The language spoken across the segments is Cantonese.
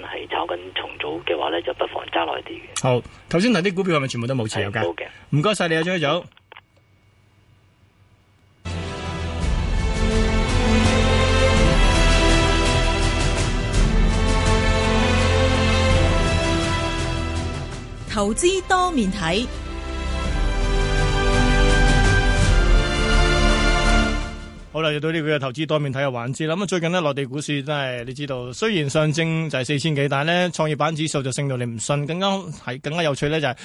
係炒緊重組嘅話咧，就不妨揸耐啲嘅。好，頭先嗱啲股票係咪全部都冇持有噶？冇嘅，唔該晒你啊，張總。投資多面睇。好啦，又到呢個投資多面睇嘅環節啦。咁最近咧，內地股市真係，你知道，雖然上證就係四千幾，但係咧，創業板指數就升到你唔信。更加係更加有趣咧，就係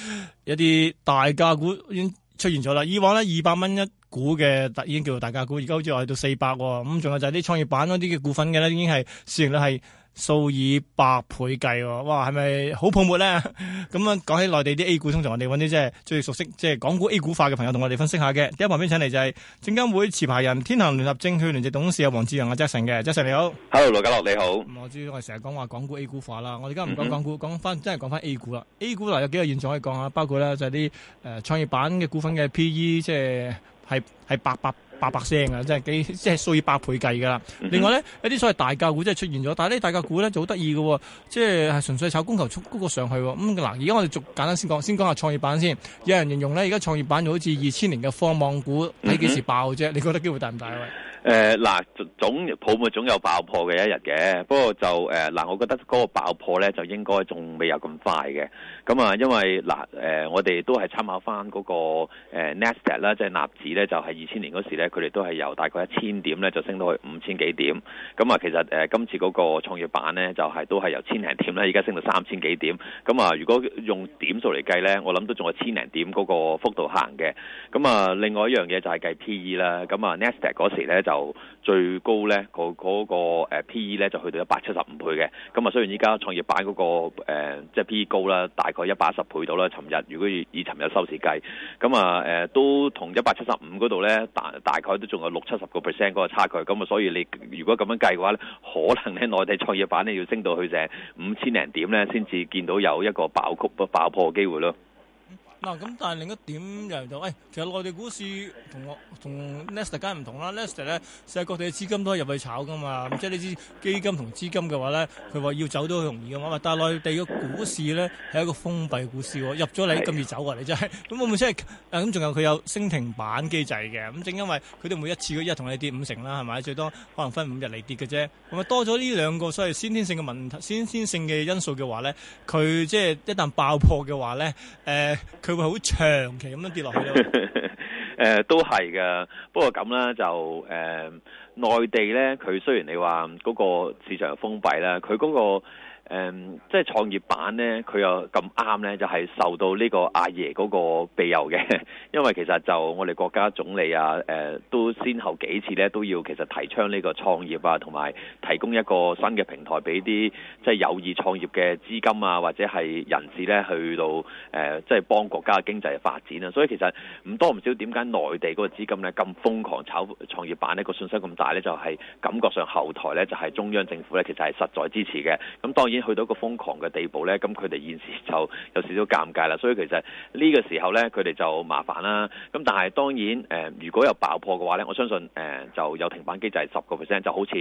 一啲大價股已經出現咗啦。以往呢，二百蚊一股嘅，已經叫做大價股，而家好似話去到四百，咁、嗯、仲有就係啲創業板嗰啲嘅股份嘅咧，已經係市盈率係。數以百倍計，哇，係咪好泡沫咧？咁 啊、嗯，講起內地啲 A 股，通常我哋揾啲即係最熟悉，即係港股 A 股化嘅朋友同我哋分析下嘅。第一旁邊請嚟就係證監會持牌人、天恒聯合證券聯席董事阿黃志陽阿、啊、Jason 嘅 Jason 你好，Hello 羅家樂你好。Hello. Hello. Hello. 嗯、我知我哋成日講話港股 A 股化啦，我哋而家唔講港股，講翻、mm hmm. 真係講翻 A 股啦。A 股嗱有幾個現象可以講下，包括咧就係啲誒創業板嘅股份嘅 P E 即係。係係八百八百聲啊！即係幾即係數以百倍計噶啦。另外咧，一啲所謂大價股真係出現咗，但係呢啲大價股咧就好得意嘅，即係純粹炒供求速高過上去。哦。咁、嗯、嗱，而家我哋逐簡單先講，先講下創業板先。有人形容咧，而家創業板就好似二千年嘅科網股，睇幾時爆啫？你覺得機會大唔大啊？喂。誒嗱、呃，總泡沫總有爆破嘅一日嘅，不過就誒嗱、呃，我覺得嗰個爆破咧就應該仲未有咁快嘅。咁、嗯、啊，因為嗱誒、呃呃，我哋都係參考翻、那、嗰個誒 NASDAQ 啦，即係納指咧就係二千年嗰時咧，佢哋都係由大概一千點咧就升到去五千幾點。咁、嗯、啊，其實誒、呃、今次嗰個創業板咧就係、是、都係由千零點咧，而家升到三千幾點。咁、嗯、啊、嗯，如果用點數嚟計咧，我諗都仲係千零點嗰個幅度行嘅。咁、嗯、啊、嗯，另外一樣嘢就係計 P E 啦。咁啊，NASDAQ 嗰時咧就～最高呢嗰嗰、嗰個 P E 咧就去到一百七十五倍嘅。咁啊，雖然依家創業板嗰、嗰個即係、呃就是、P E 高啦，大概一百一十倍到啦。尋日如果以尋日收市計，咁啊誒都同一百七十五嗰度呢，大大概都仲有六七十個 percent 嗰個差距。咁啊，所以你如果咁樣計嘅話呢，可能呢內地創業板呢要升到去成五千零點呢，先至見到有一個爆谷、爆破嘅機會咯。咁、哦，但係另一點就就，誒、哎，其實內地股市同我同 Nasdaq 梗係唔同啦。Nasdaq 咧，世界各地嘅資金都可以入去炒㗎嘛。咁即係你知基金同資金嘅話咧，佢話要走都好容易嘅嘛。但係內地嘅股市咧係一個封閉股市、哦，入咗嚟咁易走啊！你真係咁，我咪即係誒咁，仲、啊、有佢有升停板機制嘅。咁正因為佢哋每一次一日同你跌五成啦，係咪？最多可能分五日嚟跌嘅啫。咁啊多咗呢兩個，所謂先天性嘅問題、先天性嘅因素嘅話咧，佢即係一旦爆破嘅話咧，誒、呃、佢。會好長期咁樣跌落去咯，誒，都係嘅。不過咁咧，就誒，內地咧，佢雖然你話嗰個市場封閉啦，佢嗰個。誒、嗯，即係創業板呢，佢又咁啱呢，就係、是、受到呢個阿爺嗰個庇佑嘅。因為其實就我哋國家總理啊，誒、呃，都先後幾次呢，都要其實提倡呢個創業啊，同埋提供一個新嘅平台俾啲即係有意創業嘅資金啊，或者係人士呢去到誒，即係幫國家經濟發展啊。所以其實唔多唔少，點解內地嗰個資金呢咁瘋狂炒創業板呢、嗰個信心咁大呢，就係、是、感覺上後台呢，就係、是、中央政府呢，其實係實在支持嘅。咁當然。去到一個瘋狂嘅地步呢，咁佢哋現時就有少少尷尬啦。所以其實呢個時候呢，佢哋就麻煩啦。咁但係當然誒、呃，如果有爆破嘅話呢，我相信誒、呃、就有停板機制，十個 percent 就好似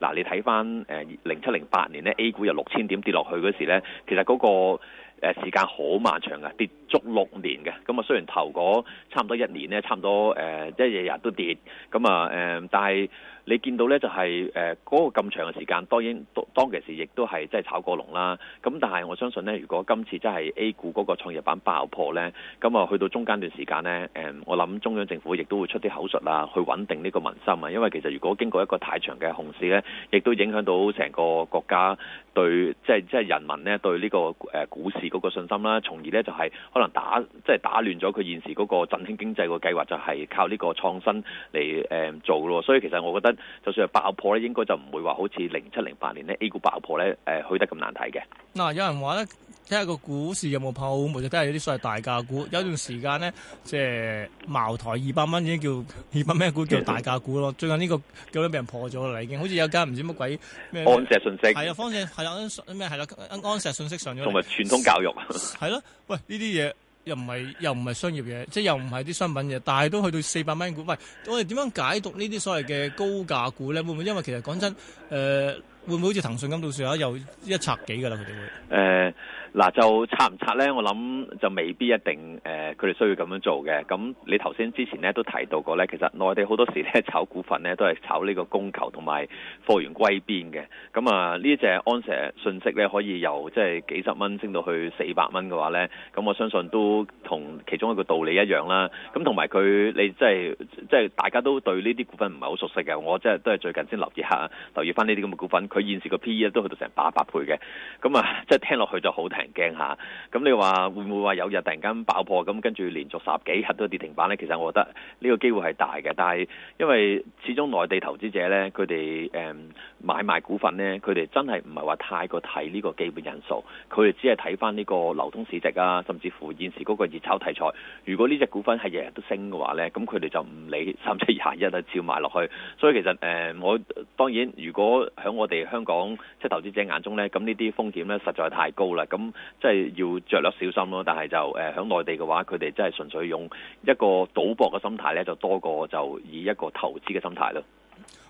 嗱、呃，你睇翻誒零七零八年呢 A 股又六千點跌落去嗰時咧，其實嗰個誒時間好漫長嘅，跌足六年嘅。咁、嗯、啊，雖然頭嗰差唔多一年呢，差唔多誒、呃、一日日都跌，咁啊誒，但係。你見到呢，就係誒嗰個咁長嘅時間，當然當其時亦都係即係炒過龍啦。咁但係我相信呢，如果今次真係 A 股嗰個創業板爆破呢，咁啊去到中間段時間呢，誒我諗中央政府亦都會出啲口述啊，去穩定呢個民心啊。因為其實如果經過一個太長嘅熊市呢，亦都影響到成個國家對即係即係人民呢，對呢個誒股市嗰個信心啦，從而呢，就係可能打即係打亂咗佢現時嗰個振興經濟個計劃，就係靠呢個創新嚟誒做咯。所以其實我覺得。就算係爆破咧，應該就唔會話好似零七零八年呢 A 股爆破咧，誒去得咁難睇嘅。嗱、啊，有人話咧，睇下個股市有冇泡沫，就都係有啲所謂大價股。有段時間咧，即、呃、係茅台二百蚊已經叫二百蚊股，叫大價股咯。最近呢、這個叫都俾人破咗啦，已經好似有間唔知乜鬼咩安碩信息係啊，方石係啊，咩係啦，安碩信息上咗同埋全通教育係咯。喂，呢啲嘢。又唔係又唔係商業嘢，即係又唔係啲商品嘢，但係都去到四百蚊股。喂，我哋點樣解讀呢啲所謂嘅高價股咧？會唔會因為其實講真，誒、呃、會唔會好似騰訊咁到時候又一拆幾㗎啦？佢哋會誒。Uh 嗱、啊、就拆唔拆呢？我諗就未必一定誒，佢、呃、哋需要咁樣做嘅。咁你頭先之前呢都提到過呢，其實內地好多時咧炒股份呢都係炒呢個供求同埋貨源歸邊嘅。咁啊呢隻安碩信息呢可以由即係幾十蚊升到去四百蚊嘅話呢，咁我相信都同其中一個道理一樣啦。咁同埋佢你即係即係大家都對呢啲股份唔係好熟悉嘅，我即係都係最近先留意下留意翻呢啲咁嘅股份，佢現時個 P E 都去到成八百倍嘅。咁啊即係、就是、聽落去就好聽。驚吓，咁你話會唔會話有日突然間爆破，咁跟住連續十幾日都跌停板呢？其實我覺得呢個機會係大嘅，但係因為始終內地投資者呢，佢哋誒買賣股份呢，佢哋真係唔係話太過睇呢個基本因素，佢哋只係睇翻呢個流通市值啊，甚至乎現時嗰個熱炒題材。如果呢隻股份係日日都升嘅話呢，咁佢哋就唔理，三七廿一啊照買落去。所以其實誒、嗯，我當然如果響我哋香港即係、就是、投資者眼中呢，咁呢啲風險呢，實在太高啦，咁。即係要着落小心咯，但係就誒喺、呃、內地嘅話，佢哋真係純粹用一個賭博嘅心態咧，就多過就以一個投資嘅心態咯。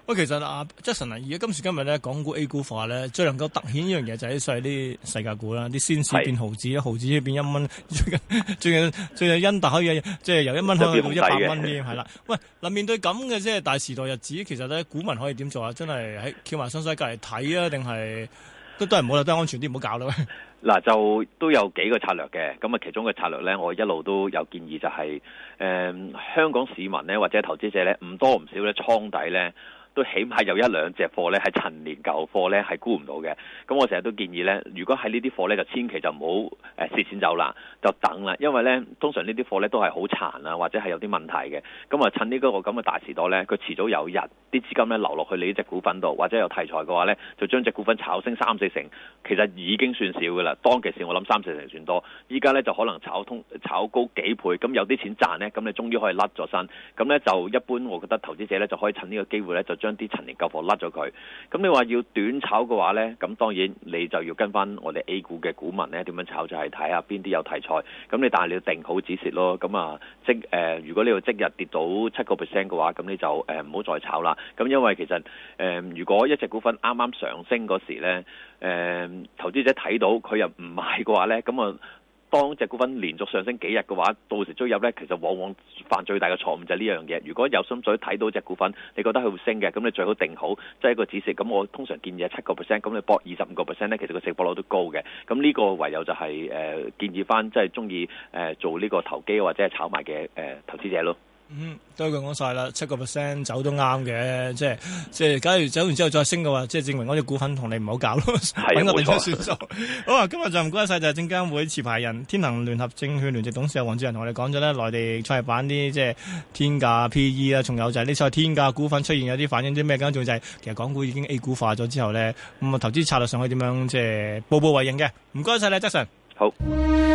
喂，其實阿 Jason 啊，而家、啊、今時今日咧，港股 A 股化咧，最能夠突顯一樣嘢就係啲細世界股啦，啲先市變毫子，毫是子變一蚊， 最近最近恩特可以即係、就是、由一蚊去到，到一百蚊啲，係、嗯、 啦。喂，嗱、啊、面對咁嘅即係大時代日子，其實咧股民可以點做啊？真係喺翹埋新世界嚟睇啊，定係？都都係唔好啦，都係安全啲，唔好搞啦。嗱、哎，就都有幾個策略嘅，咁啊，其中嘅策略咧，我一路都有建議、就是，就係誒，香港市民咧或者投資者咧，唔多唔少咧，倉底咧。都起碼有一兩隻貨咧，係陳年舊貨咧，係沽唔到嘅。咁我成日都建議咧，如果喺呢啲貨咧，就千祈就唔好誒蝕錢走啦，就等啦。因為咧，通常呢啲貨咧都係好殘啊，或者係有啲問題嘅。咁啊，趁呢個咁嘅大時代咧，佢遲早有日啲資金咧流落去你呢隻股份度，或者有題材嘅話咧，就將隻股份炒升三四成，其實已經算少嘅啦。當其時我諗三四成算多，依家咧就可能炒通炒高幾倍，咁有啲錢賺咧，咁你終於可以甩咗身。咁咧就一般，我覺得投資者咧就可以趁呢個機會咧就。將啲陳年舊貨甩咗佢，咁你話要短炒嘅話呢，咁當然你就要跟翻我哋 A 股嘅股民呢，點樣炒就係睇下邊啲有題材，咁你但係你要定好止蝕咯，咁啊即誒，如果你要即日跌到七個 percent 嘅話，咁你就誒唔好再炒啦，咁因為其實誒、呃、如果一隻股份啱啱上升嗰時咧、呃，投資者睇到佢又唔買嘅話呢。咁啊～當隻股份連續上升幾日嘅話，到時追入呢。其實往往犯最大嘅錯誤就係呢樣嘢。如果有心水睇到隻股份，你覺得佢會升嘅，咁你最好定好即係、就是、一個止蝕。咁我通常建議係七個 percent，咁你搏二十五個 percent 呢，其實個勝博率都高嘅。咁呢個唯有就係、是、誒、呃、建議返，即係鍾意誒做呢個投機或者係炒賣嘅誒、呃、投資者咯。嗯，都佢講晒啦，七個 percent 走都啱嘅，即係即係，假如走完之後再升嘅話，即係證明我隻股份你的 同你唔沒錯 好搞咯，揾我哋算數。好啊，今日就唔該晒，就係證監會持牌人天能聯合證券聯席董事黃志陽同我哋講咗咧，內地創業板啲即係天價 P E 啦，仲有就係呢啲天價股份出現有啲反映啲咩？更重要就係、是、其實港股已經 A 股化咗之後咧，咁、嗯、啊投資策略上去點樣？即係步步為營嘅。唔該晒咧，Jason。Jackson、好。